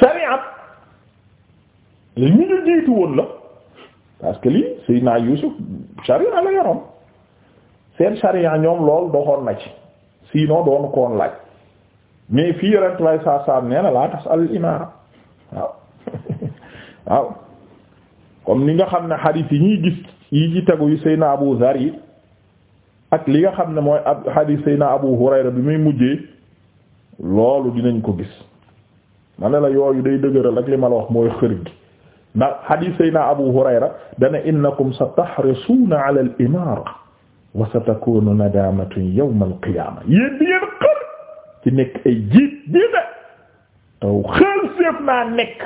shariat li ñu ñu jiitu woon la parce que lii Seydina Yuusuf shariat la yoroon seen shariat ñoom lool doxoon na ci sinon doon koon laaj mais fii yorent lay saa saa laa tas al imaara waaw waaw comme ni nga xam ne xadiis yi ñuy gis yi ci tegu yu Seydina Abu Dhar ak li nga xam ne mooy ab xadiis Seydina Abu Hurayra bi muy mujjee loolu dinañ ko gis ma ne la yooyu day dëgëral ak li ma mooy xër gi ndax hadith sayna Abu Hurayra dana innakum satahrisuuna ala al imara wa satakunu nadamatun yawma al qiyama yéen di nekk ay jiit jiite taw xër séef naa nekk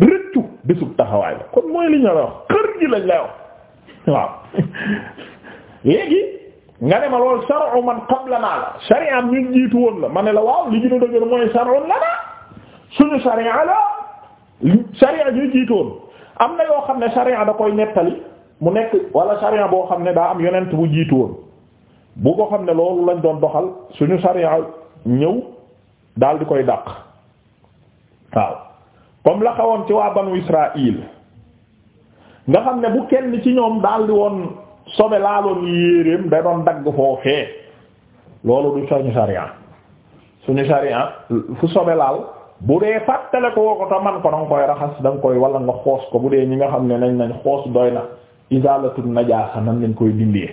rëccu bésub taxawaay la kon mooy li ñu la wax xër nga ne ma loolu shar'u man qablanaa la jiitu woon la ma ne la waaw li gën a dëgër mooy shar'un lanaa suñu sariya la sariya ñu jiitu woon am na yoo xam ne sariya da koy nettali mu nekk wala sariya boo xam ne daa am yonent bu jiitu woon bu ko xam ne loolu lañ doon doxal suñu sariya ñëw daal di koy daq waaw comme la xawoon ci waa banu Israaïl nga xam ne bu kenn ci ñoom daal di woon. sobe laaloon yéeréem da doon dagg foofee loolu du suñu sariya suñu sariya fu sobe laal bu dee fàttale ko woo ko ko danga koy raxas danga koy wala nga xoos ko bu dee ñi nga xam ne nañ nañ xoos doy na izalatul najaasa nan lañ koy dindee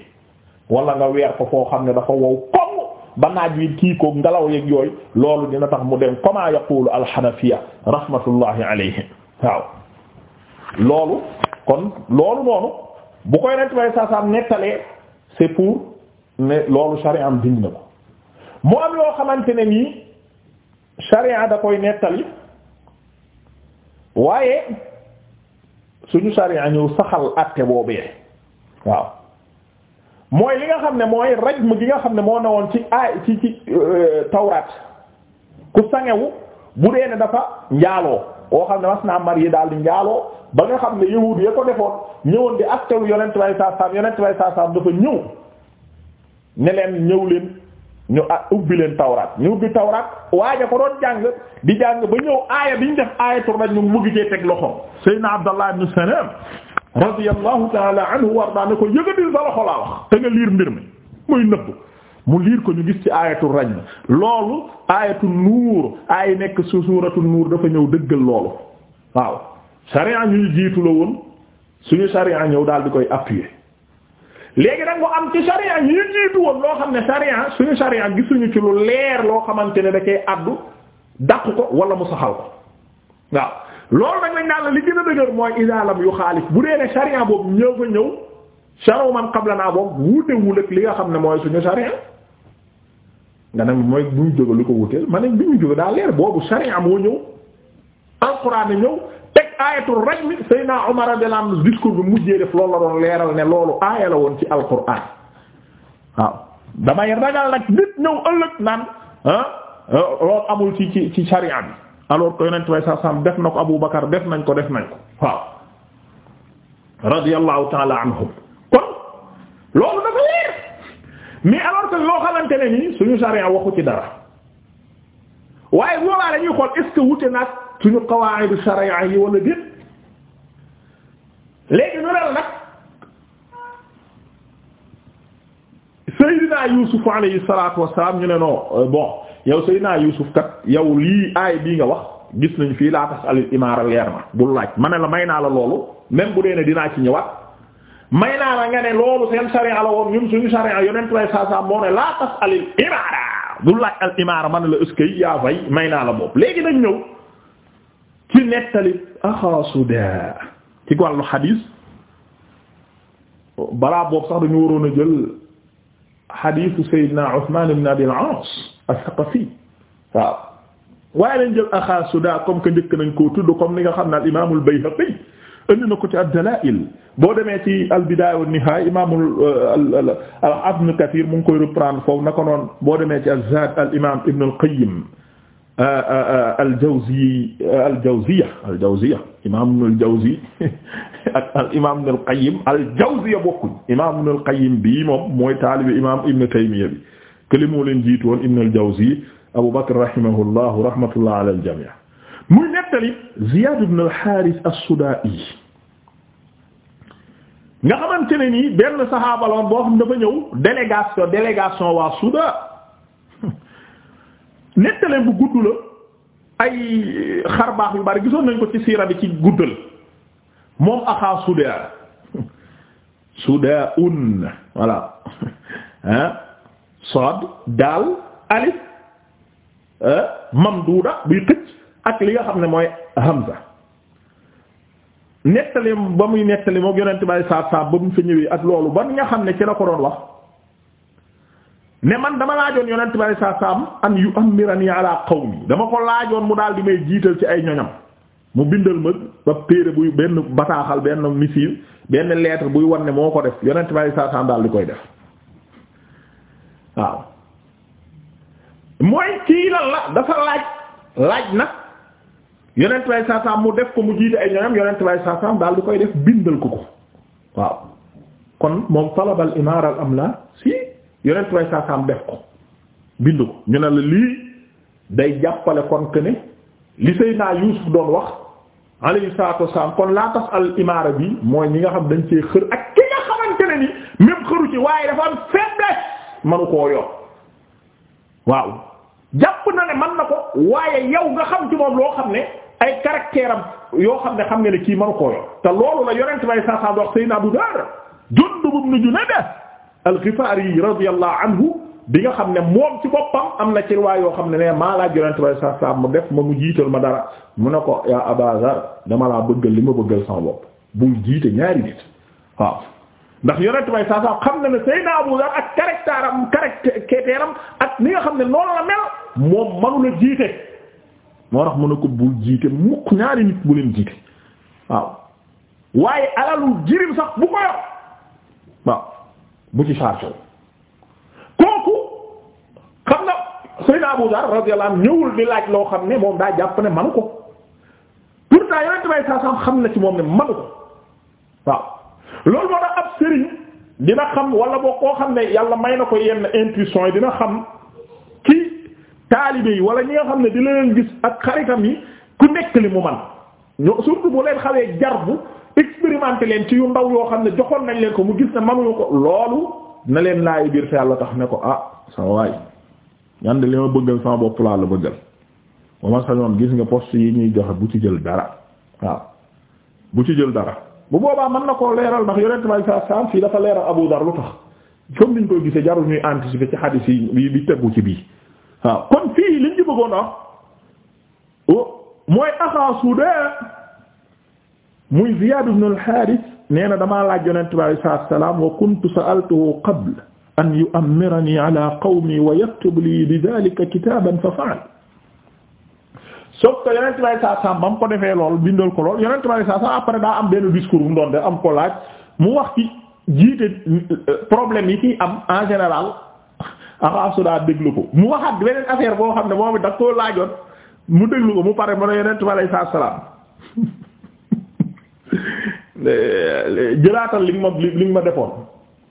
wala nga weer ko foo xam ne dafa wow koŋ ba naaj wi kii ko ngelaw yeeg yooy loolu dina tax mu dem kama yaqulu alxanafiya rahmatullahi alayhim waaw loolu kon loolu noonu bu koy rent bay saasaam nettalee c'est pour ne loolu sharia am dind na ko mu am yoo xamante ne nii sharia da koy nettali waaye suñu sharia ñëw saxal àtte boobee waaw mooy li nga xam ne mooy rajm gi nga xam ne moo newoon ci aay ci ci euh, tawraat ku sangewu bu dee ne dafa njaaloo koo xam ne mas naa marié daal di njaaloo ba nga xam ne yahuud ya ko defoon ñëwoon di ak tew yonent bay saasaam yonent bay saasaam dafa ñëw ne leen ñëw leen ñu ah, ubbi leen tawraat ñu ubbi tawraat waaja ko doon jàng di jàng ba ñëw aaya bi ñu def aaya tur ñu muggi cee loxo sayyidina Abdallah ibn Salam radiyallahu ta'ala ko yëgatil sa loxo laa wax te nga liir mbir mi muy nëbb mu liir ko ñu gis ci aayatu rajm loolu aayatu nuur aay nekk su suuratu nuur dafa ñëw dëggal loolu waaw sariya ñuy jiitu la woon suñu sariya ñëw daal di koy appuyer léegi nag moo am ci sariya ñuy jiitu woon loo xam ne sariya suñu sariya gisuñu ci lu leer loo xamante ne da koy addu dàq ko wala mu saxal ko waaw loolu nag lañ naan la li gën a dëgër mooy isaalam yu xaalif bu dee ne sariya boobu ñëw fa ñëw saraw man qablanaa boobu wuutewul ak li nga xam ne mooy suñu sariya nga ne mooy bu ñu lu ko wuteel ma ne bi ñu jóge daa leer boobu sariya moo ñëw alxuraan ñëw aayatul rajm Seydina Omar radiyallahu anhu discours bi mujjee loolu leeral ne loolu aaya la woon ci al waaw damay ragal nag nit ñëw ëllëg naan ah loolu amul ci ci ci sharia bi alors que na ko Abu Bakar def nañ ko def nañ ko waaw radiyallahu taala anhum kon loolu dafa leer mais alors que loo xamante ne nii suñu sharia waxu ci dara waaye boobaa dañuy xool est ce que wute nag suñu qawaaidu sharia yi wala déet léegi ñu ne nag Seydina Yuusuf alayhi salaatu wassalaam ñu ne non euh, bon yow Seydina Yuusuf kat yow lii aay bii nga wax gis nañu fii laa tas al imaara leer ma bul laaj ma ne la may naa la loolu même bu dee ne dinaa ci ñëwaat may naa la nga ne loolu seen sharia la woon ñun suñu sharia yonent lay saa saa moo ne laa tas al imaara bul laaj al imaara ma ne la est yaa fay may naa la boobu léegi nañ ñëw. ci nettali axaasuda ci wàllu xadiis balaa boobu sax dañu waroon a jël xadiisu Seydina Usmaan ibn Abil Aas as-Saqafi waaw waaye lañ jël axaasuda comme que njëkk nañ koo tudd comme ni nga xam ne al imaam al-Bayhaqi indi na ko ci ad-Dalaa'il boo demee ci al-Bidaaya wa an al-Ibn Kathir mu ngi koy reprendre foofu naka noonu boo demee ci az-Zaad al imaam Ibn al-Qayyim Euh, euh, euh, al-Jawzi al-Jawziya al-Jawziya imaam Ibn al-Jawzi ak al imaam Ibn al-Qayyim al-Jawziya bokkuñ imaam Ibn al-Qayyim bii moom mooy taalibi imaam Ibn Taymiyya bi kële moo leen jiitu woon Ibn al-Jawzi Abu Bakr rahimahullah rahmatullah ala al-jamii' muy nettali Ziyaad ibn al-Haaris as-Sudaa'i nga xamante ne nii benn saxaaba la woon boo xam dafa ñëw délégation délégation waa Soudan. nettaleen bu gudd la ay xarbaax yu bari gisoon nañ ko ci siira bi ci guddal moom axaa sudaa sudaa un voilà hein sod daal alif mamduuda buy xëcc ak li nga xam ne mooy hamza nettaleem ba muy nettali moo yonent bay saab saab ba mu fa ñëwee ak loolu ba nga xam ne ci la ko doon wax ne man dama laajoon yonent bi saa saam an yu amirani ala qawmi dama ko laajoon mu daal di may jiital ci ay ñoñam mu bindal ma ba téere buy benn bataaxal benn missive benn lettre buy wan ne moo ko def yonent bi saa saam daal di koy def waaw mooy kii lan la dafa laaj laaj nag yonent bi saa mu def ko mu jiite ay ñoñam yonent bi saa saam di koy def bindal ko ko waaw kon moom talabal imaara al amla si. yonent way saasaam def ko bind ko ñu ne la lii day jàppale kon que ne li Seydina Yuusuf doon wax alayhi salaatu wassalaam kon laa tas al imaara bi mooy ñi nga xam dañ cee xër ak ki nga xamante ne ni même xëru ci waaye dafa am faiblesse manu koo yor waaw jàpp na ne man na ko waaye yow nga xam ci moom loo xam ne ay caractère yoo xam ne xam nga ne kii manu koo yor te loolu la yonent way saasaam wax Seydina Abu Dar Jundub ibn Junaada al-Ghifari yi radiyallahu anhu bi nga xam ne moom ci boppam am na ci riwaay yoo xam ne ne maa laa Yonent bi saa saa mu def ma mu jiital ma dara mu ne ko yaa Abaa Zarr dama laa bëggal li ma bëggal sama bopp bul jiite ñaari nit waaw. ndax Yonent bi saa saa xam ne Seydina Abuu Zarr ak caractère am caractère am ak ni nga xam ne noonu la mel moom mënu la jiite moo tax mu ne ko bul jiite mukk ñaari nit bu leen jiite waaw waaye alalu jirim sax bu ko bu ci chargé kooku xam na Seydina Abu Dar radiyallahu anhu ñëwul di laaj loo xam ne moom daa jàpp ne manu ko pourtant yonent bay saa xam na ci moom ne manu ko waaw loolu moo tax ab sëriñ dina xam walla boo koo xam ne yàlla may na ko yenn intuition yi dina xam ci taalibe yi wala ñi nga xam ne di leen gis ak xaritam yi ku nekk li mu man ñoo surtout bu leen xawee jar bu expérimenté leen ci yu ndaw yoo xam ne joxoon nañ leen ko mu gis ne manuñu ko loolu na leen laayi biir te yàlla tax ne ko ah sa waay ñan de li ma bëggal sama bopp laa la bëggal ba ma sañoon gis nga poste yi ñuy joxe bu ci jël dara waaw bu ci jël dara bu boobaa man na koo leeral ndax yonent may saa saam fii dafa leeral Abu Dar lu tax comme niñ koy gisee jarul ñuy anticiper ci xadis yi bi tegu ci bii waaw kon fii liñ ci bëggoon a wax oh, mooy axaasu de muy Ziyaad ibn al-Haaris nee na damaa laaj yonent bi alayhi salaatu wa salaam wa kuntu sa'altuhu qabla an yu'ammiranii alaa qawmii wa yaktub lii bi alayhi ko defee lool bindal ko lool yonent bi alayhi salaatu wa salaam après daa am benn discours bu mu doon def am ko laaj mu wax ci jiite euh, problème yi ciy am en général axaasu daa déglu ko mu waxaat beneen affaire boo xam ne moom it da koo laajoon mu déglu ko mu pare ma ne yonent bi alayhi salaam Euh, jëlaatal li nga ma li ma defoon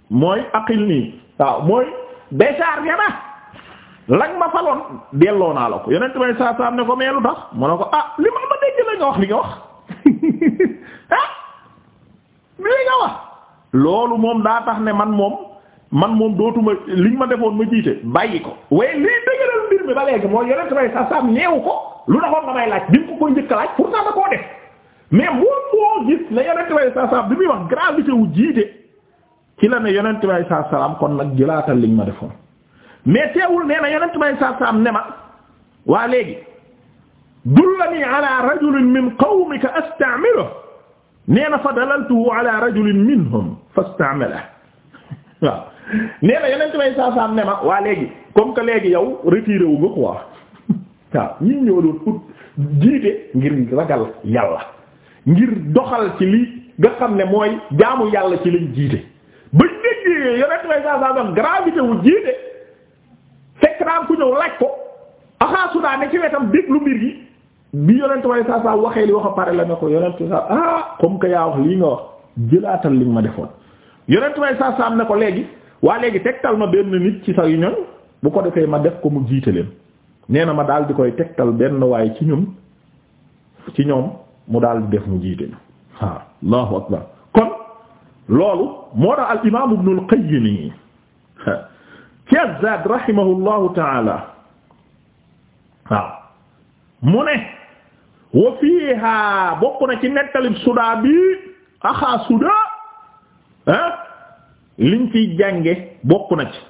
mooy aqil nii waaw mooy bésaar ñema lañ ma faloon delloo naa la ko yonent may saa saa ne ko mais lu tax mu ne ko ah li ma ma dégg la nga wax li nga wax ah li nga wax loolu moom daa tax ne man moom man moom dootuma liñ ma defoon ma jiite bàyyi ko waaye lii dëgëral mbir mi ba léegi mooy yonent may saa saa neewu ko lu taxoon nga may laaj bi ko koy njëkk laaj pourtant da koo def mais moom moo gis ne yonent bay saa salaam bi muy wax gravité wu jiite ci la ne yonent bay saa salaam kon nag jëlaatal liñ ma defoon mais teewul nee na yonent bay saa salaam ne ma waa léegi dullani ala rajulin min qawmika asta'miluhu nee na fa dalaltuhu ala rajulin minhum fasta'malahu waaw nee na yonent saa salaam ne ma waa léegi comme que léegi yow retiré wu nga quoi waaw ñi ñoo doon ut jiite ngir ragal yàlla ngir doxal ci li nga xam ne mooy jaamu yàlla ci lañ jiite ba déggee yonent way saa saa am gravité wu jiite fekk daan ku ñëw laaj ko axaasu daa ne ci wetam déglu mbir yi bi yonent way saa saa waxee li wax a pare la ne ko yonent saa ah comme que yaa wax lii nga wax jëlaatal li nga ma defoon yonent way saa saa am ne ko léegi waa léegi tegtal ma benn nit ci sa yu ñoñ bu ko defee ma def ko mu jiite leen nee na ma daal di koy tegtal benn waay ci ñun ci ñoom mu daal def mu jiite ñu waaw allahu akbar kon loolu moo tax al imaam ibnul qayyim ci azad rahimahu llahu taala waaw mu ne wa fiiha bokk na ci nettalib sudaa bi axaa sudaa ah liñ ciy jànge bokk na ci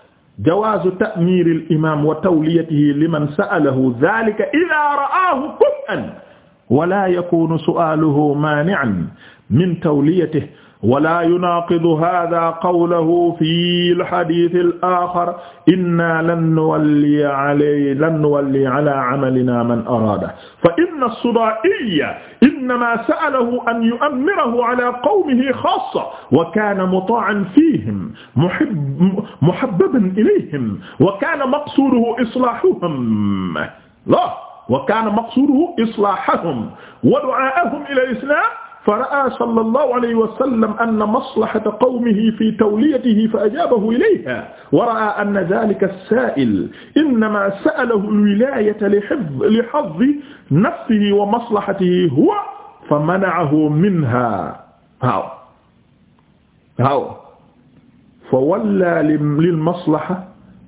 jawaazu ta'miiril imaam wa tawliyatihi liman sa'alahu dhaalika idhaa ra'aahu kuf'an wala yakunu su'aaluhu maani'an min tawliyatihi wala yunaaqidu haaza qawlahu fi al-hadiith al-aaxar innaa lan nuwalli alayhi lan nuwalli alaa amalinaa man araadahu fa inna as-Sudaa'iyya innamaa sa'alahu an yu'ammirahu alaa qawmihi xaassatan wa kaana mutaa'an fiihim muhabbaban ilayhim wa kaana maqsuuduhu islaahuhum wa kaana maqsuuduhu islaahahum wa du'aa'ahum ila al-islaam fa ra'aa sallallahu alayhi wa sallam anna maslahata qawmihi fi tawliyatihi fa ajaabahu ilayhaa wa ra'aa anna dhaalika as-saa'il innamaa sa'alahu al-wilaayata li hazzi nafsihi wa maslahatihi huwa fa mana'ahu minhaa waaw waaw fa wallaa lil-maslaha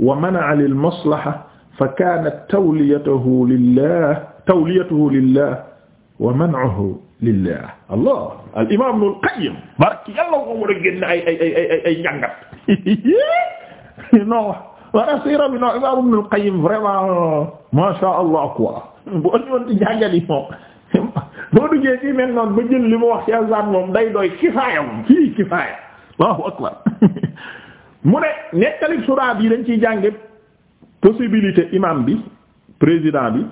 wa mana'a lil-maslaha fa kaanat tawliyatuhu lillah tawliyatuhu lillah wa man'uhu lillah allah al imam Ibnul Qayyim bark yàlla ko war a génn ay ay ay ay ay njàngat non wara sira bi non imam Ibnul Qayyim vraiment ma sha allah quoi boo ñëwoon di njàngat yi moom boo duggee ci mel noonu ba jël li mu wax ci azan moom day doy kifaaya moom fii kifaaya allahu akbar mu ne nettali sura bi dañ ciy jàngat possibilité imam bi président bi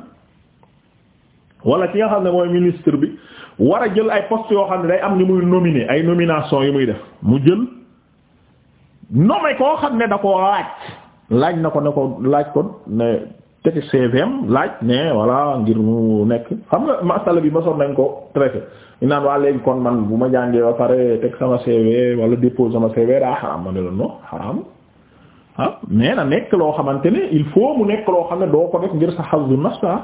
wala ci nga xam ne mooy ministre bi war a jël ay post yoo xam ne day am ñu muy nominer ay nomination yu muy def mu jël nommer koo xam ne da koo laaj laaj na ko ne ko laaj ko ne teg CVM laaj ne voilà ngir mu nekk xam nga masala bi masoon nañ ko traité ñu naan waa léegi kon man bu ma jàngee ba pare teg sama CV wala dépose sama CV daa xaraam ma ne la non xaraam ah mais nekk loo xamante ne il faut mu nekk loo xam ne doo ko def ngir sa xazu nafsa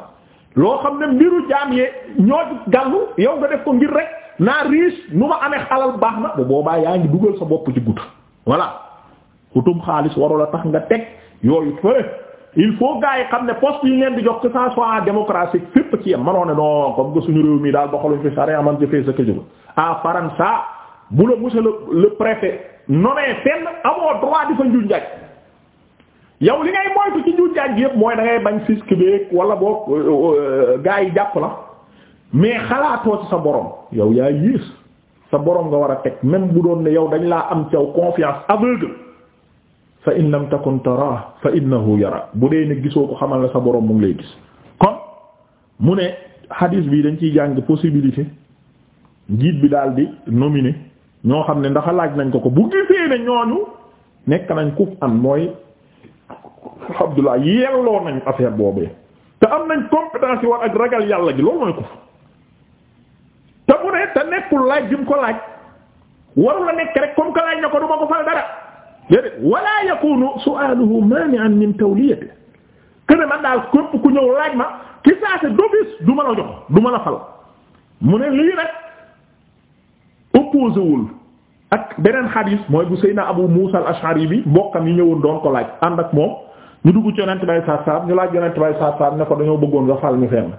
loo xam ne mbiru jaam yee ñoo gàllu yow nga def ko ngir rek naa riche nu ma amee xalal baax na bu boobaa yaa ngi dugal sa boppu ci gudd voilà xutum xaalis warul a tax nga teg yooyu fële il faut gars yi xam ne poste yi leen di jox que ça soit démocratie fépp ci yam manoo ne non comme que suñu réew mi daal doxaluñ fi sare aman jëfee sa këjëba à faransa bu la monsieur le préfet nommé fenn amoo droit di fa njuñ njaaj yow li ngay moytu ci juujaaj gi yëpp mooy da ngay bañ fisc beeg wala boog euh, euh, gaa yi jàpp la mais xalaatoo ci sa borom yow yaa yiis sa borom nga war a teg même bu doon ne yow dañ laa am caw confiance aveugle fa in lam takun tara fa innahu yara bu dee ne gisoo ko xamal la sa boroom mu ngi lay gis kon mu ne hadis bi dañ ciy jàng possibilité njiit bi daal di nominer ñoo xam ne ndaxalaaj nañ ko ko bu gisee ne ñooñu nekk nañ ku am mooy alhamdulilah yelloo nañ affaire boobee te am nañ compétence yi war ak ragal yàlla gi loolu mooy ko te mu ne te nekkul laaj bi mu ko laaj waru la nekk rek comme que laaj na ko du ma ko fal dara déedéet wala yakunu su'aluhu mani'an min tawliyati kene man daal képp ku ñëw laaj ma ki saa si d'office du ma la jox du ma la fal mu ne lii nag opposé wul ak beneen xadiis mooy bu Seydina Abu Muusa al-Ash'ari bi mbokkam yi ñëwoon doon ko laaj ànd ak moom ñu dugg ci yonent bay saat saat ñu laaj yonent bay saat saat ne ko dañoo bëggoon nga fal ñu fenn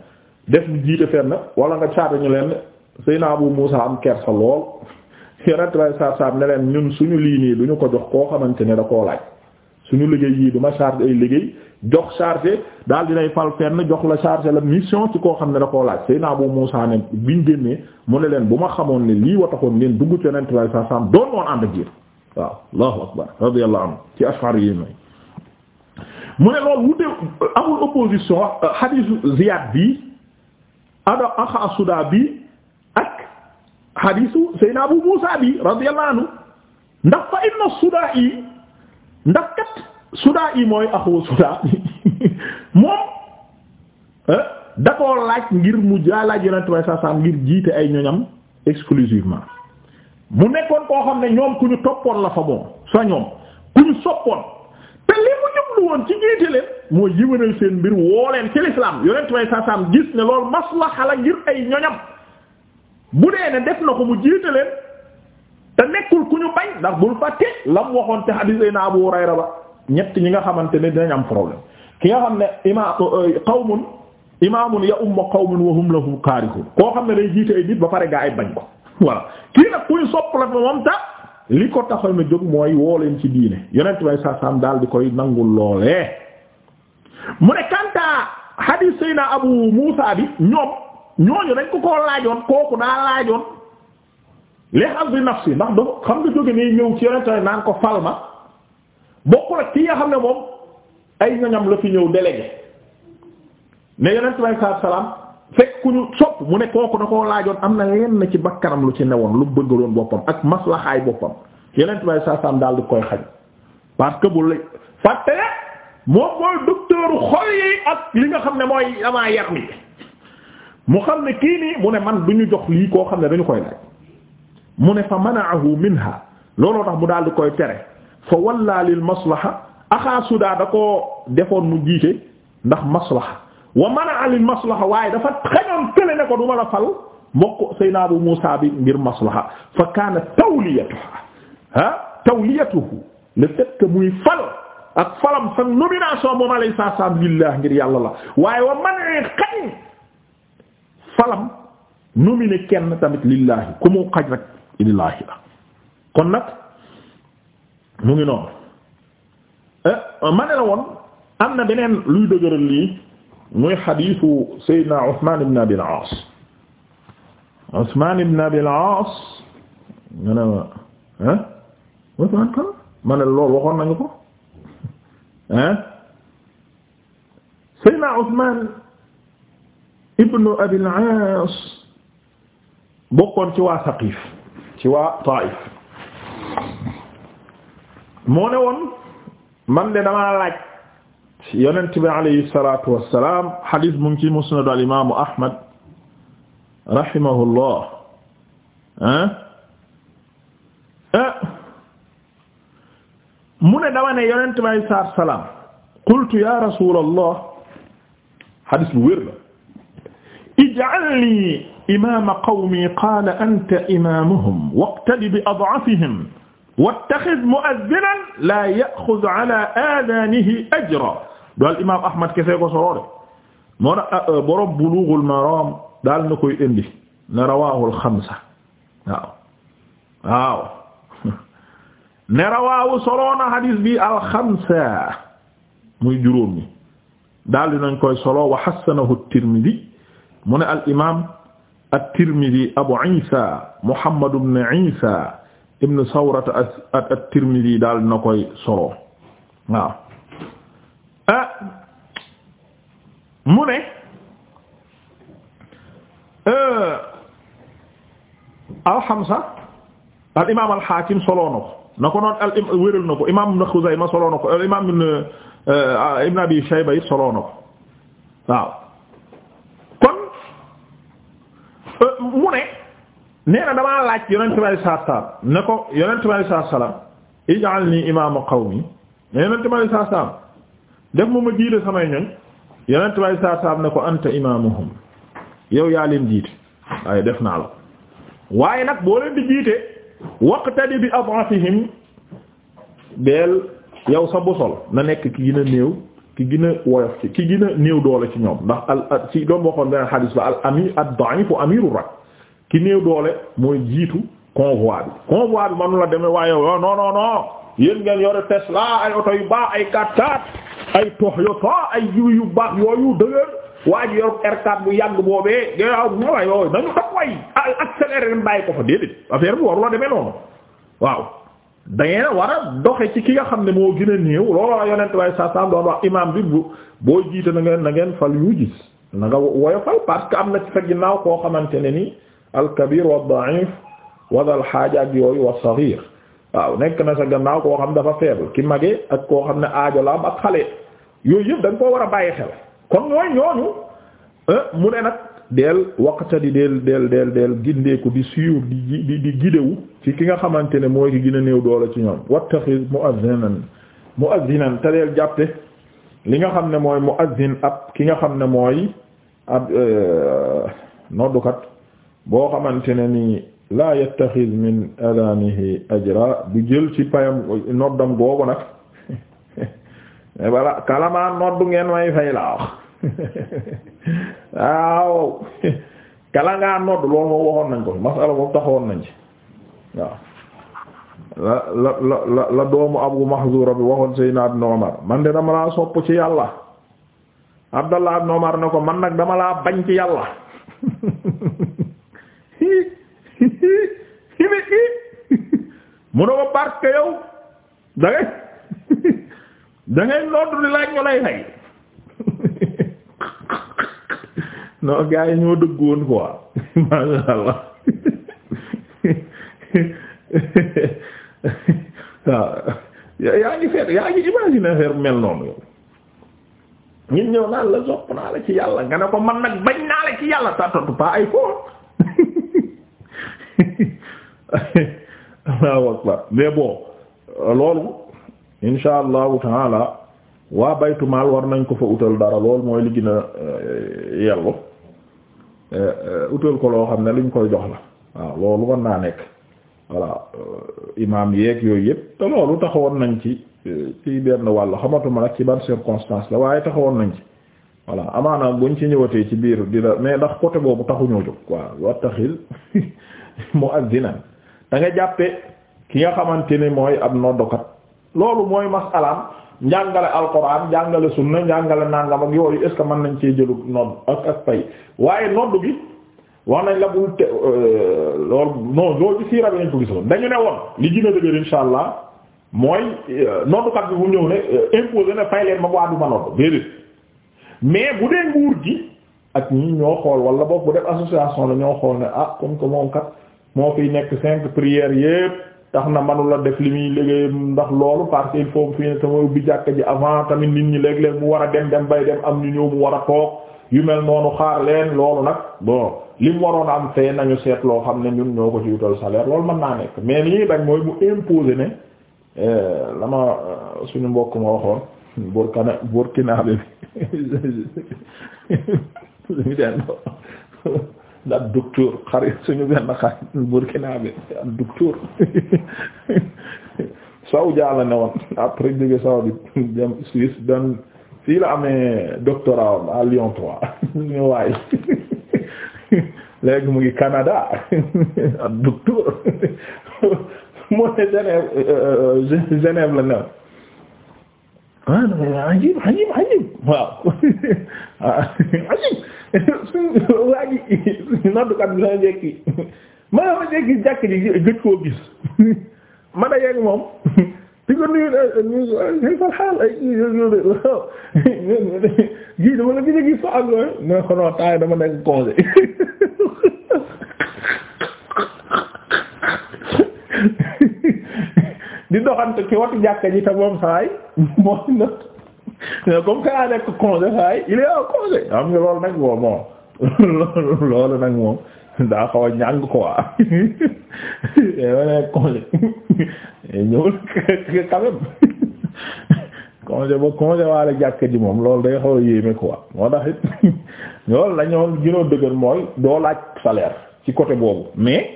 def ñu jiite fenn wala nga caata ñu leen Seydina Abu Muusa am kersa lool yonent bay saat ne leen ñun suñu lii nii du ñu ko jox koo xamante ne da koo laaj suñu liggéey yii duma ma chargé ay liggéey jox chargé daal dinay fal fenn jox la chargé la mission ci koo xam ne da koo laaj Seydina Abu Muusa ne biñ génnee mu ne leen bu ma xamoon ne lii wa taxoon ngeen dugg ci yonent bay saat saat doon woon ànd jiir waaw Allahu akbar radiyallahu anhu ci ashar yi may mu ne loolu wute amul opposition xadiisu euh, Ziyaad bi ada axa suda bi ak xadiisu Seydina Abu Muusa bi radiyallahu ndax fa inna suda yi ndax kat suda yi mooy axu suda moom euh, da laaj ngir mu jaa laaj yonent way sa ngir jiite ay ñoñam exclusivement mu nekkoon koo xam ne ñoom ku ñu toppoon la fa moom sa ñoom ku ñu soppoon te li mu jublu woon ci jiite leen mooy yëwénal seen mbir woo leen ci l'islam yonent way sa sam gis ne loolu maslaha la ngir ay ñoñam bu dee ne def na ko mu jiite leen te nekkul ku ñu bañ ndax bul fàtte la mu waxoon te hadis ay na Abu Hurayra ba ñett ñi nga xamante ne dinañ am problème ki nga xam ne ima qawmun imaamun ya umma qawmun wa hum lahu kaarihun koo xam ne day jiite ay nit ba pare gaa ay bañ ko voilà kii nag kuy sopp la moom ta li ko taxaw na jóg mooy woo leen ci diine yonent way saa saam daal di koy nangul loolee mu ne kantaa hadith sayna abu muusa bi ñoom ñooñu dañ ko koo laajoon kooku daa laajoon li xam di nafsi ndax do xam nga jóge ne ñëw ci yonent way naan ko falma bokkul ak ki nga xam ne moom ay ñoñam la fi ñëw délégué ne yonent way saa salaam fekk ku ñu sopp mu ne kooku da koo laajoon am na lenn ci bakkanam lu ci newoon lu bëggaloon boppam ak maslaxaay boppam yeneen tubaab yi daal di koy xaj parce que bu fàtte moom mooy docteur xol yi ak li nga xam ne mooy amaa yar mi mu xam ne kii nii mu ne man du ñu jox lii koo xam ne dañu koy laaj mu ne fa manaahu minha looloo tax mu daal di koy tere fa wallaa lil maslaha axaa sudaa da koo defoon mu jiite ndax maslaha wa manaa lil maslaha waaye dafa xañoon tële ne ko du ma la fal mbokk Seydina Abu Muusa bi ngir maslaha fa kaana tawliyatuha ah tawliyatuhu le fait que muy fal ak falam sa nomination moom alayhi salaam lillah ngir yàlla la waaye wa manee xañ falam nominé kenn tamit lillahi ku mu xaj rek lillahi la kon nag mu ngi noonu eh, ma ne la woon am na beneen luy dëgëral lii muy xadiisu Seydina Usmaan ibn Abil Aas Usmaan ibn Abil Aas nga ne ma ah Usmaan kan ma ko ah Seydina Usmaan ibn Abil Aas bokkoon ci waa Saqiif ci waa Taif man de damaa laaj yonent bi alayhi salaatu wa salaam hadith mu ngi ci musnad al imaamu Ahmad rahimahullah eh? mu ne dama ne yonent bi alayhi salaatu wa salaam qultu ya rasuulallah hadith bu wér la ij'alni imaama qawmi qaala anta imaamuhum waqtadi bi ad'afihim wattakhidh mu'adhdhinan laa ya'khudh 'alaa aadaanihi ajran daal imaam Ahmad kese ko solo de moo tax ah, euh, daal na koy indi na rawaahul xamsa waaw ne rawaahu solo na bi al xamsa muy juróom ñi daal di nañ koy solo wa xassanahu Tirmidi mu ne al imaam at-Tirmidi Abu Isa Muhammad ibn Isa ibn Sawrata at daal na koy solo mu ne euh, alxamsa al imaam alxaakim soloo na ko na ko noon al wéral na ko imaam ibn Xuzayma soloo al euh, imaam euh, ibn Abi Shayba it soloo na kon mu ne nee na laaj yonent bi alayhi salaatu salaam ne salaam ij'alnii imaama qawmi ne yonent salaam def mu ma jiite samay ñoñ yonent bay saa saam ne ko anta imaamuhum yow yaa leen jiite waaye def naa la waaye nag boo leen di jiite waqtadi bi ad'afihim deel yow sa bosol na nekk ki gën a néew ki gën woyof ci ki gën néew doole ci ñoom ndax al ci doon waxoon beneen xadiis ba al amir ad-da'ifu amiru rak ki néew doole mooy jiitu convoi bi convoi bi manu la waaye non non non yéen ngeen yore Tesla ay oto yu baax ay 4x4 ay Toyota ay jiw yu baax yooyu dëgër waa ji yor bu yàgg boobee gannaaw bu ñëwaat yooyu nañu toog waay accéléré leen bàyyi ko fa déedéet affaire bi warula demee noonu waaw. da ngeen a war a doxe ci ki nga xam ne moo gën a néew looloo la yonent waaye saa saa doon wax imaam bi boo jiite na fal yu gis na nga woyofal parce que am na ci sa ginnaaw koo xamante ne ni al kabir wa da'if waaw nekk na sa gannaaw koo xam dafa faible ki mage ak koo xam ne aajo la am ak xale yooyu yëpp da koo war a bàyyi xel kon ñooy ñooñu eh, mu ne nag del waqta di del del del del gindeeku di suivre di di di gidewu ci ki nga xamante ne mooy ki gën néew doole ci ñoom wattaxis muazzinan muazzinan te del jàppe li nga xam ne mooy mu muazzin ab ki nga xam ne mooy ab eh, noddukat boo xamante ne nii laa yattaxiz min adanihi ajra du jël ci payam noddam googu nag voilà kalamaa noddu ngeen may fay laa wax waaw kala nodd loolu waxoon nañ ko masala moom taxawoon nañ ci waaw la la la la doomu Abu Mahzura bi waxoon Seydina Ibn Umar man de dama laa sopp ci yàlla Abdallah ibn Umar ne ko man nag dama laa bañ ci yàlla imi i mu ne ko parce que yow da ngay da ngay noddu di laaj ñu lay fay non gars yi ñoo dëggoon quoi masha ah, yaa ngi feet yaa ngi imaginer mel noonu yow ñun ñëw naan la sopp naa la ci yàlla nga ne ko man nag bañ naa la ci yàlla tatatu pas ay foo Allahu akbar mais bon loolu insha allahu taala waa baytu maal war nañ ko fa utal dara loolu mooy li gën a eh, yellu eh, eh, utal ko loo xam ne luñ koy jox la waaw loolu war naa nekk voilà euh, imaam yeeg yooyu yëpp te loolu taxawoon nañ ci euh, ci benn wàll xamatuma nag ci ban circonstance la waaye taxawoon nañ ci voilà amaana buñ ci ñëwatee ci biir dina mais ndax côté boobu taxuñoo jóg waaw wattaxil mu'azzinan da danga jàppe ki nga xamante ne mooy ab noddokat loolu mooy masalaam njàngale alquran njàngale sunna njàngale nangam ak yooyu est ce que mën nañ cee jëlu nodd ak ak pay waaye nodd bi wax nañ la bul te euh, loolu non loolu bi siira bi nañ ko gisoon dañu ne woon li gën a dëgër insha allah mooy euh, noddukat bi bu ñëw ne euh, imposé na fay leen ma waa du ma nodd déedéet mais bu dee nguur gi ak ñi ñoo xool wala boog bu def association la ñoo xool ne a ah, comme que moo fiy nekk cinq prières yépp tax na manula def li muy liggéey ndax loolu parce que il faut fi jàkka ji avant tamit nit ñi léeg-léeg mu war a dem dem bay dem am ñu ñëw mu war a toog yu mel noonu xaar leen loolu nag bon li mu waroon am fee nañu seet loo xam ne ñun ñoo ko ci wutal salaire loolu mën naa nekk mais li ñuy bañ mooy mu imposer ne euh, la euh, suñu mbokk ma waxoon Burkina Burkina bi bi den ak docteur xarit suñu benn xarit Burkina bi ak docteur Saudia la ne woon après jóge Saudi dem Suisse dan fii la amee doctorat à Lyon 3 ñu waay mu ngi Canada ak docteur moo ne Genève euh, euh, la ne ah ajib ajib ajib waaw ah, ajib noddukat bi dana jekki ma dama jekki jàkk ji gëj koo gis ma da yeeg moom di ko nuyu ñu ko xaal ay gii dama la gis a gis fa ak yooyu ne ko non taay dama nekk congé di doxante ci watu jàkka ji te moom saay moom nag comme que a nekk congé saay il est en congé xam nga loolu nag boo moom loolu nag moom daa xaw a ñàng ko waa eh, congé eh, ñëwul quand même congé ba congé waale jàkk ji moom loolu day xaw a yéeme quoi moo tax loolu la ñoo gënoo dëgër mooy doo laaj salaire ci côté boobu mais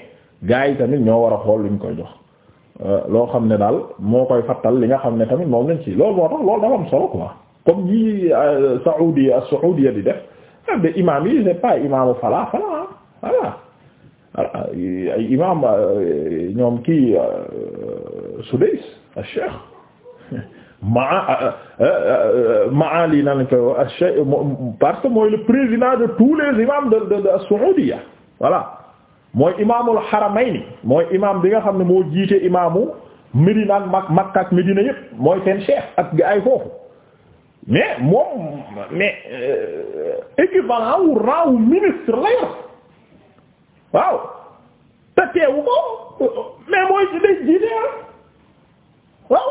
gars yi tamit ñoo war a xool luñ koy jox euh, loo xam ne daal moo koy fattal li nga xam ne tamit moom lañ ci loolu moo tax loolu dafa am solo quoi comme ñi euh, Saoudi as di def Ah, mais imam yi c'est pas imaamu fala fala imam ah, ah, euh, ñoom kii euh, Sudays al-Cheikh maa euh, maa lii na lañ koy parce que mooy le président de tous les imams de de Saoudia voilà mooy imaamul Haramayni mooy imam bi nga xam ne moo jiite imaamu Médina ak Makka ak mooy seen cheikh ak gaay foofu mais moom mais euh, équivalent wu rang ministre la waaw te teewu ko mooy ci day jiite ah. waaw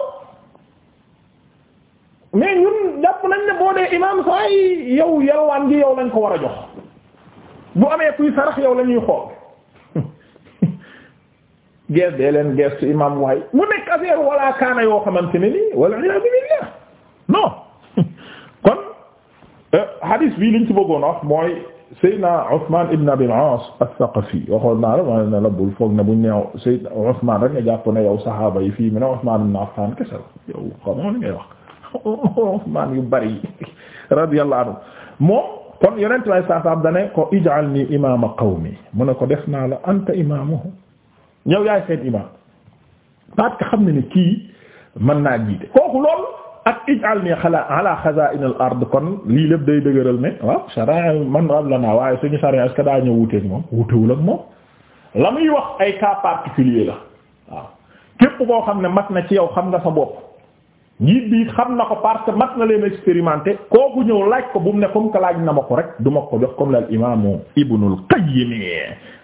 mais ñun jàpp nañ ne boo dee imam saay yow yalwaan gi yow lañ ko war a jox bu amee kuy sarax yow lañuy ñuy gees dee leen gees ci imam waay mu nekk affaire wala kaana yoo xamante ne nii wala iyadu billah non Euh, hadis bii liñ ci bëggoon wax mooy Seydina Ousmane Ibn Abil Aas As-Saqafi waxoon naa la ma ne la bul foog ne buñ neew Seydina Ousmane rek nga jàpp ne yow saxaaba yi fii mu ne Ousmane ibn Affan kese la yow xamoo li ngay wax Ousmane yu bari radiyallahu anhu moom kon yonent way saasaam dane ko ij'alni imaama qawmi mu ne ko def naa la anta imaamuhum yow yaay seen imaam parce que xam ne ne kii mën naa jiite kooku loolu ak ij'alni xalaa ala xaza'in al ard kon lii lépp day dëgëral ne waaw sharia man qablanaa waaye suñu sharia est-ce que daa ñëw wuteeg moom wutewul ak moom la muy wax ay cas particulier la waaw képp koo xam ne mat na ci yow xam nga sa bopp njiit bi xam na ko parce que mat na leen expérimenté kooku ñëw laaj ko bu mu ne comme que laaj na ma ko rek du ma ko jox comme la al imaamu Ibnul Qayyim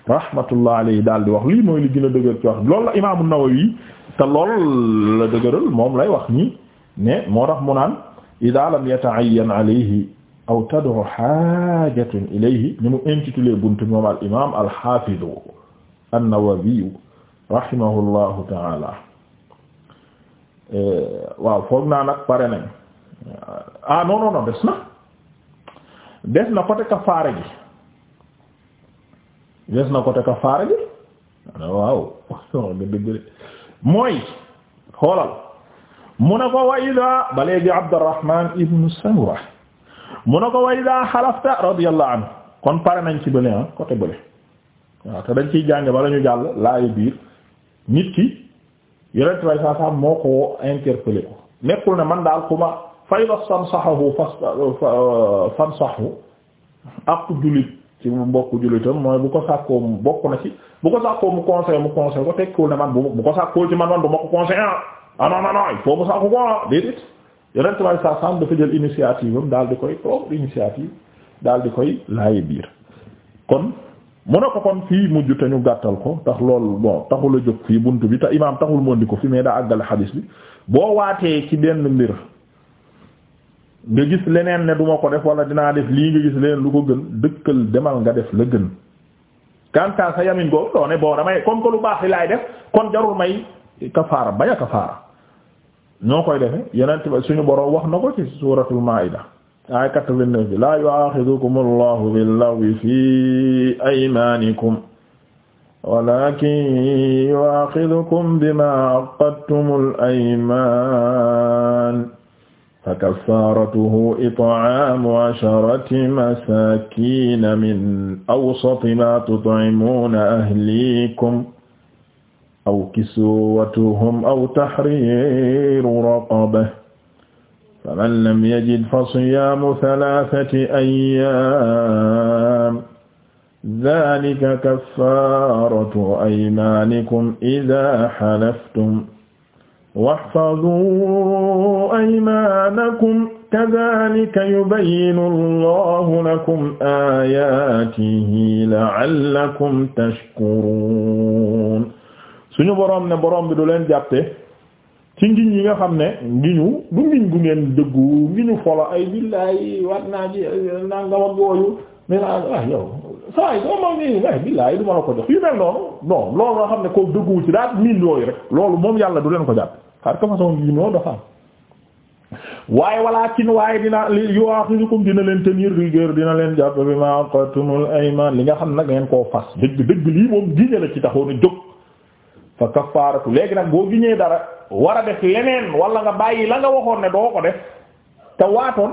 rahmatullah alayhi daal di wax lii mooy li gën a dëgër ci wax loolu la imaamu Nawawi te lool la dëgëral moom lay wax nii. ne moo tax mu naan ida lam yata'ayyan alayhi aw tad'u haajatun ilayhi ni mu intitulé buntu moom al imam al hafiz an-Nawawi rahimahullahu ta'ala eh, waaw foog naa nag pare nañ ah non des na des na côté kafaara gi des na côté kafaara gi mooy xoolal mu ne ko way ida ba léegi Abdurrahman ibn Samura mu ne ko way ida xalafta radiyallahu anhu kon pare nañ ci bële ah côté bële waaw te dañ ciy jànge ba la ñu jàll laayu biir nit ki yonent way saa moo ko interpellé ko nekkul ne man daal ku ma fay la sansaxahu fansaxu ak jullit ci mbokk jullitam mooy bu ko sàkkoo bokk na ci bu ko sàkkoo mu conseil mu conseil ko tekkiwul ne man bu ko sàkkoo ci man man du ma ko conseil ah ah non non non il faut mu sànku ko ah déedéet yeneen tubaab saa sànq initiative am daal di koy propre initiative daal di koy laaye biir kon mu ne ko kon fii mujj te ñu gàttal ko tax loolu bon taxul a jóg fii bunt bi te imaam taxul mu andi ko fi mais daa àggale xadis bi boo waatee ci benn mbir nga gis leneen ne duma ko def wala dinaa def lii nga gis leneen lu ko gën dëkkal demal nga def la gën. kantaan sa yamin ko doone boo damay kon jarul may ñoo koy defe yonent ba suñu boroom wax na ko ci suuratul maa'ida ay quatre-vingt-neuf bi laa yu'aaxidukumu allahu bil-lagwi fi aymaanikum walaakin yu'aaxidukum bimaa aqadtumul aymaan fakaffaaratuhu it'aamu asharati masaakiina min awsati maa tut'imuuna ahliikum aw kisuwatuhum aw tahriru raqaba faman lam yajid fa siyaamu thalathati ayyam dhalika kaffaratu aymanikum idha halaftum wahfazuu aymanakum kadhalika yubayyinu allahu lakum ayatihi la'allakum tashkurun suñu borom ne boroom bi du leen jàppe ci ngiñ yi nga xam ne ngiñu du ngiñ gu ngeen dëggu ngiñu folo ay billaay war naa ji nangam ak yooyu mais naa ah yow saa yi soo ma nii du ma la ko jox yu mel noonu non loolu nga xam ne ko dëgguwu ci daal miin yooyu rek loolu moom yàlla du leen ko jàppe parce que façon ngiñ loolu dafa am waaye walaakin waaye dina yu'axidukum dina leen tenir rigueur dina leen jàppe bi ma aqatumul ayman li nga xam nag ngeen koo fas dëgg dëgg lii moom giñe la ci a fa kafaaratu léegi nag boo giñee dara war a def leneen wala nga bàyyi la nga waxoon ne doo ko def te waatoon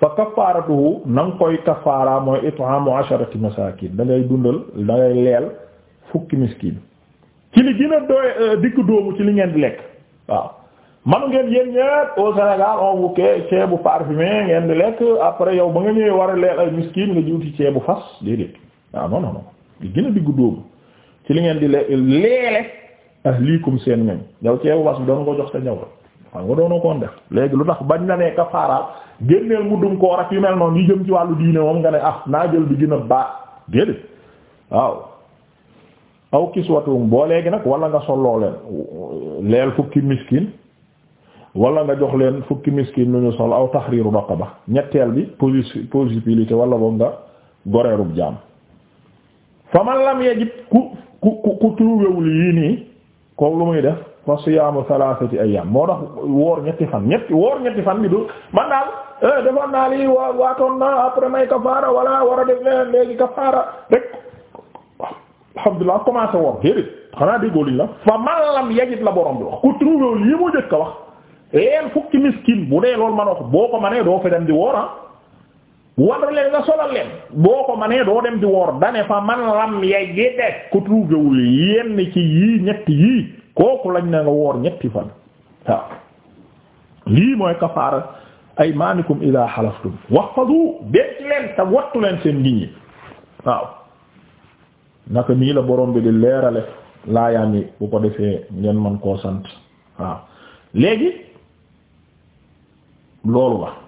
fa kafaaratuhu na nga koy kafaara mooy it'amu asharati masaakin da ngay dundal da ngay leel fukki miskin ci li gën a doy euh, dikk dóomu ci li ngeen di lekk waaw manu ngeen yéen ñëpp au Sénégal on vous ceebu parfumé ngeen di lekk après yow ba nga ñëwee war a leel ay miskin nga jiwti bu fas déedéet waaw ah, non non non li gën a diggu dóomu ci li ngeen di leele ahlikum seen ñoñ yow ceebu bas bi doon ko jox sa ñaw la xam nga doonoo koon def léegi lu tax bañ na ne kafaaraal génneel muddum koo ak yu mel noonu yu jëm ci wàllu diine moom nga ne ah naa jël bi gën a baax déedéet waaw aw kiswatum boo léegi nag wala nga solloo leen leel fukki miskin wala nga jox leen fukki miskin lu ñu sol aw tahriru raqaba ñetteel bi posi possibilité wala boog nga goreerub jaam fa man la yajid ku ku ku trouvéwul yii nii kooku lu muy def fa siyaamu thalathati ayyam moo tax woor ñetti fan ñetti woor ñetti fan bi du man daal eh, defoon naa lii waa waatoon naa après may kafaara walla war a def leneen léegi kafaara rek alhamdulillah commencé woor xanaa déggoo liñ la fa man lam yajid la borom bi wax ku trouvéwul yi mu jëkk a wax leen fukki miskin bu dee loolu man wax boo ko manee doo fi di woora ah. war leen nga solal leen boo ko manee doo dem di woor dane fa man lam yay def ku trouvéwul yenn ci yii ñetti yii kooku lañ ne nga woor ñetti fan waaw lii mooy kafaara aymaanikum idaa xalaftum waxfadu denc leen te wattu leen seen ngiñ yi waaw naka nii la borom bi di leerale laayaam yi bu ko defee ngeen man koo sant waaw léegi loolu la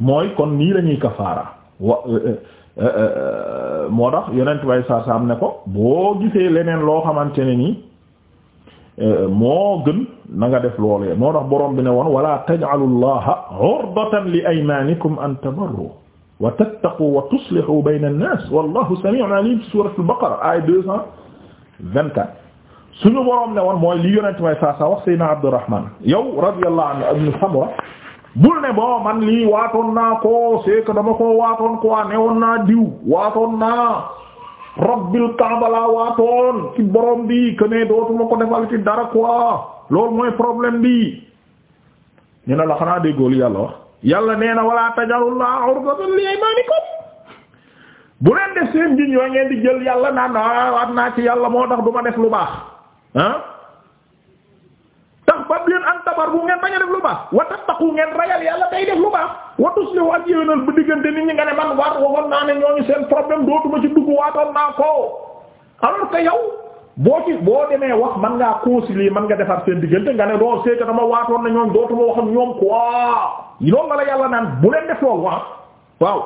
mooy kon nii la ñuy kafaara wa euh, euh, euh, moo tax yonent way saa am ne ko boo gisee leneen loo xamante ne nii moo gën na nga def moo tax borom bi ne woon wala taj'alu llaha urdatan li aymanikum an tabarru wa tattaqu wa tuslihu bayna an-nas wallahu sami'un alim suratul baqara ay deux cent vingt-quatre suñu borom ne woon mooy li yonent way saa saa wax sayyidina Abdurrahman yow radiyallahu anhu ibn Samura bul ne bon man lii waatoon naa ko c'est dama ko waatoon ko ne woon naa diw waatoon naa rabbil kaaba laa waatoon ci borom bi que dootuma ko defal ci dara quoi loolu mooy problème bi ñu ne la xanaa déggool yàlla wax yàlla nee na wala tajalullaha urdatan li aymanikum bu leen def seen jiñ yooyu ngeen di jël yàlla naan ah, waat naa ci yàlla moo tax du ma def lu baax ah tax ba leen an tabar bu ngeen bañ a def lu baax wa tattaqu ngeen ragal yàlla tay def lu baax wa tuslihu ak yéwénal bu diggante nit ñi nga ne man war waxoon naa ne ñooñu seen problème dootuma ci dugg waatoon naa ko alors que yow boo ci boo demee wax man ngaa concilier man nga defar seen diggante nga ne doo seeta dama waatoon na ñoom dootuma waxoon ñoom quoi loolu nga la yàlla naan bu leen def loolu wa waaw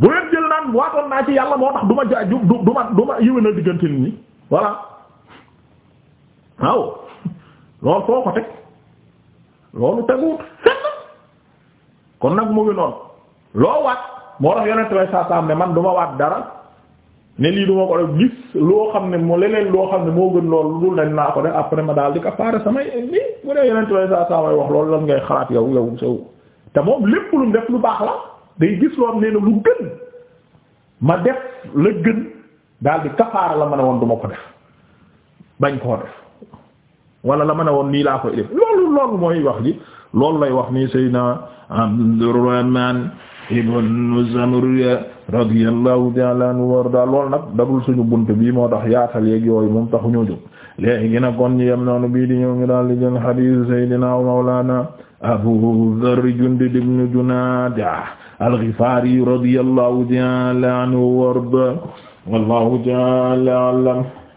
bu leen jël naan waatoon naa ci yàlla moo tax du ma ja du ma du ma yéwénal diggante nit ñi voilà loolu foo ko teguut kon nag mu ngi noonu loo waat moo tax yonent saasaam ne man duma waat dara ne lii duma ko def gis loo xam ne moo leneen loo xam ne moo gën loolu dul dañ naa ko def après ma daal di kafaare samay nii bu dee yonent way wax loolu lan ngay xalaat yow yow sow te moom lépp lu def lu baax la day gis loo am ne lu gën ma def la gën daal di kafaara la ma ne woon duma ko def bañ koo def wala la mën a woon nii laa koy def loolu loolu mooy wax ji loolu lay wax nii Seydina Abdurrahman ibn Zamuriya radiyallahu ta'ala anhu warda loolu nag dadul suñu bunt bii moo tax yaatal yeeg yooyu moom taxu ñoo jóg léegi nag kon ñu yem noonu bii di ñëw ñu daal di jël hadiis Seydina Mawlana Abu Dharr Jundub ibn Junaada al-Ghifari radiyallahu ta'ala anhu warda wallahu ta'ala a'lam